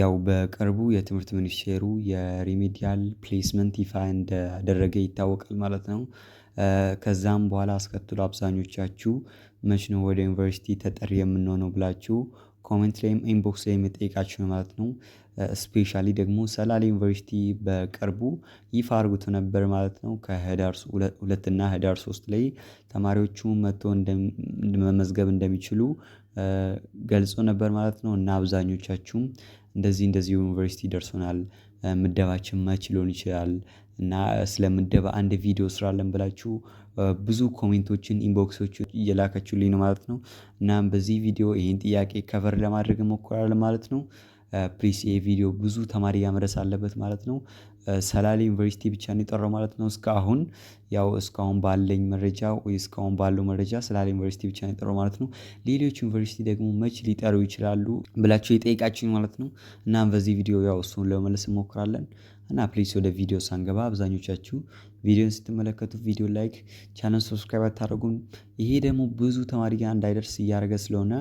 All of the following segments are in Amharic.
ያው በቅርቡ የትምህርት ሚኒስቴሩ የሪሜዲያል ፕሌስመንት ይፋ እንዳደረገ ይታወቃል ማለት ነው። ከዛም በኋላ አስከትሎ አብዛኞቻችሁ መች ነው ወደ ዩኒቨርሲቲ ተጠሪ የምንሆነው ብላችሁ ኮሜንት ላይም ኢንቦክስ ላይም የጠየቃችሁኝ ማለት ነው። ስፔሻሊ ደግሞ ሰላሌ ዩኒቨርሲቲ በቅርቡ ይፋ አድርጎት ነበር ማለት ነው። ከህዳር ሁለትና ህዳር ሶስት ላይ ተማሪዎቹ መጥቶ መመዝገብ እንደሚችሉ ገልጾ ነበር ማለት ነው። እና አብዛኞቻችሁም እንደዚህ እንደዚህ ዩኒቨርሲቲ ደርሶናል ምደባችን መች ሊሆን ይችላል እና ስለ ምደባ አንድ ቪዲዮ ስራለን ብላችሁ ብዙ ኮሜንቶችን ኢንቦክሶችን እየላከችሁልኝ ነው ማለት ነው። እናም በዚህ ቪዲዮ ይሄን ጥያቄ ከቨር ለማድረግ እሞክራለሁ ማለት ነው ፕሊስ ይሄ ቪዲዮ ብዙ ተማሪ ያመረስ አለበት ማለት ነው። ሰላሌ ዩኒቨርሲቲ ብቻ ነው የጠራው ማለት ነው። እስካሁን ያው እስካሁን ባለኝ መረጃ ወይ እስካሁን ባለው መረጃ ሰላሌ ዩኒቨርሲቲ ብቻ ነው የጠራው ማለት ነው። ሌሎች ዩኒቨርሲቲ ደግሞ መች ሊጠሩ ይችላሉ ብላችሁ የጠይቃችሁኝ ማለት ነው። እናም በዚህ ቪዲዮ ያው እሱን ለመመለስ እንሞክራለን። እና ፕሊስ ወደ ቪዲዮ ሳንገባ አብዛኞቻችሁ ቪዲዮን ስትመለከቱ ቪዲዮ ላይክ፣ ቻነል ሰብስክራይብ አታደርጉም። ይሄ ደግሞ ብዙ ተማሪ ጋር እንዳይደርስ እያደረገ ስለሆነ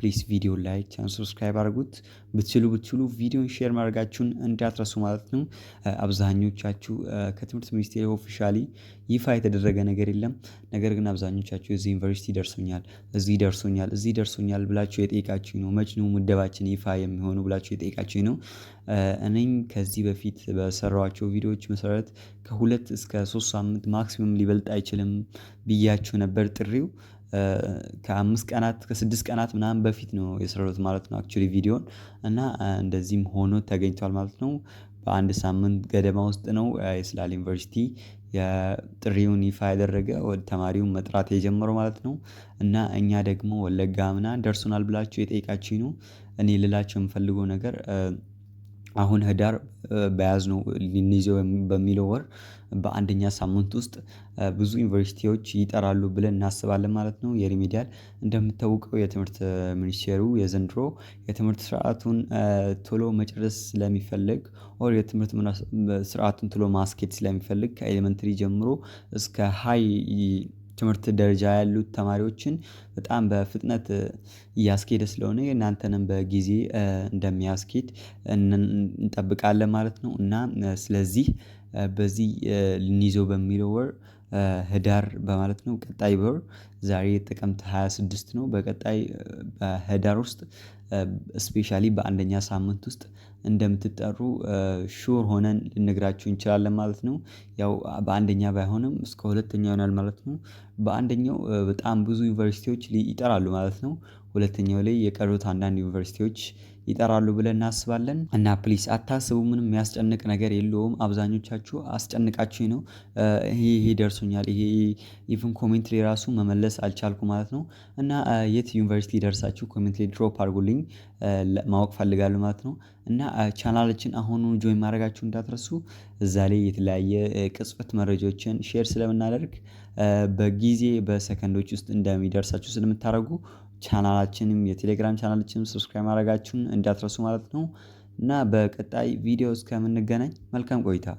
ፕሊስ ቪዲዮ ላይክ ቻን ሰብስክራይብ አድርጉት። ብትችሉ ብትችሉ ቪዲዮን ሼር ማድረጋችሁን እንዳትረሱ ማለት ነው። አብዛኞቻችሁ ከትምህርት ሚኒስቴር ኦፊሻሊ ይፋ የተደረገ ነገር የለም። ነገር ግን አብዛኞቻችሁ እዚህ ዩኒቨርሲቲ ደርሶኛል፣ እዚህ ደርሶኛል፣ እዚህ ደርሶኛል ብላችሁ የጠየቃችሁ ነው። መች ነው ምደባችን ይፋ የሚሆኑ ብላችሁ የጠየቃችሁ ነው። እኔም ከዚህ በፊት በሰራኋቸው ቪዲዮዎች መሰረት ከሁለት እስከ ሶስት ሳምንት ማክሲመም ሊበልጥ አይችልም ብያችሁ ነበር ጥሪው ከአምስት ቀናት ከስድስት ቀናት ምናምን በፊት ነው የሰሩት ማለት ነው። አክቹሊ ቪዲዮን እና እንደዚህም ሆኖ ተገኝቷል ማለት ነው። በአንድ ሳምንት ገደማ ውስጥ ነው የስላል ዩኒቨርሲቲ የጥሪውን ይፋ ያደረገ ወደ ተማሪውን መጥራት የጀመረው ማለት ነው። እና እኛ ደግሞ ወለጋ ምናምን ደርሶናል ብላችሁ የጠየቃችሁኝ ነው። እኔ ልላቸው የምፈልገው ነገር አሁን ህዳር ነው ልንይዘው በሚለው ወር በአንደኛ ሳምንት ውስጥ ብዙ ዩኒቨርሲቲዎች ይጠራሉ ብለን እናስባለን ማለት ነው። የሪሚዲያል እንደምታውቀው የትምህርት ሚኒስቴሩ የዘንድሮ የትምህርት ስርዓቱን ቶሎ መጨረስ ስለሚፈልግ ኦር የትምህርት ስርዓቱን ቶሎ ማስኬት ስለሚፈልግ ከኤሌመንትሪ ጀምሮ እስከ ሀይ ትምህርት ደረጃ ያሉት ተማሪዎችን በጣም በፍጥነት እያስኬደ ስለሆነ እናንተንም በጊዜ እንደሚያስኬድ እንጠብቃለን ማለት ነው። እና ስለዚህ በዚህ ልንይዘው በሚለው ወር ህዳር በማለት ነው። ቀጣይ ወር ዛሬ ጥቅምት 26 ነው። በቀጣይ በህዳር ውስጥ ስፔሻሊ በአንደኛ ሳምንት ውስጥ እንደምትጠሩ ሹር ሆነን ልንግራችሁ እንችላለን ማለት ነው። ያው በአንደኛ ባይሆንም እስከ ሁለተኛ ይሆናል ማለት ነው። በአንደኛው በጣም ብዙ ዩኒቨርሲቲዎች ይጠራሉ ማለት ነው። ሁለተኛው ላይ የቀሩት አንዳንድ ዩኒቨርሲቲዎች ይጠራሉ ብለን እናስባለን። እና ፕሊስ አታስቡ፣ ምንም የሚያስጨንቅ ነገር የለውም። አብዛኞቻችሁ አስጨንቃችሁ ነው ይሄ ደርሶኛል፣ ይሄ ኢቭን ኮሜንት ላይ ራሱ መመለስ አልቻልኩ ማለት ነው። እና የት ዩኒቨርሲቲ ደርሳችሁ ኮሜንት ላይ ድሮፕ አድርጉልኝ ማወቅ ፈልጋሉ ማለት ነው። እና ቻናላችን አሁኑ ጆይን ማድረጋችሁ እንዳትረሱ። እዛ ላይ የተለያየ ቅጽበት መረጃዎችን ሼር ስለምናደርግ በጊዜ በሰከንዶች ውስጥ እንደሚደርሳችሁ ስለምታደርጉ ቻናላችንም የቴሌግራም ቻናላችንም ሰብስክራይብ ማድረጋችሁን እንዳትረሱ ማለት ነው እና በቀጣይ ቪዲዮ እስከምንገናኝ መልካም ቆይታ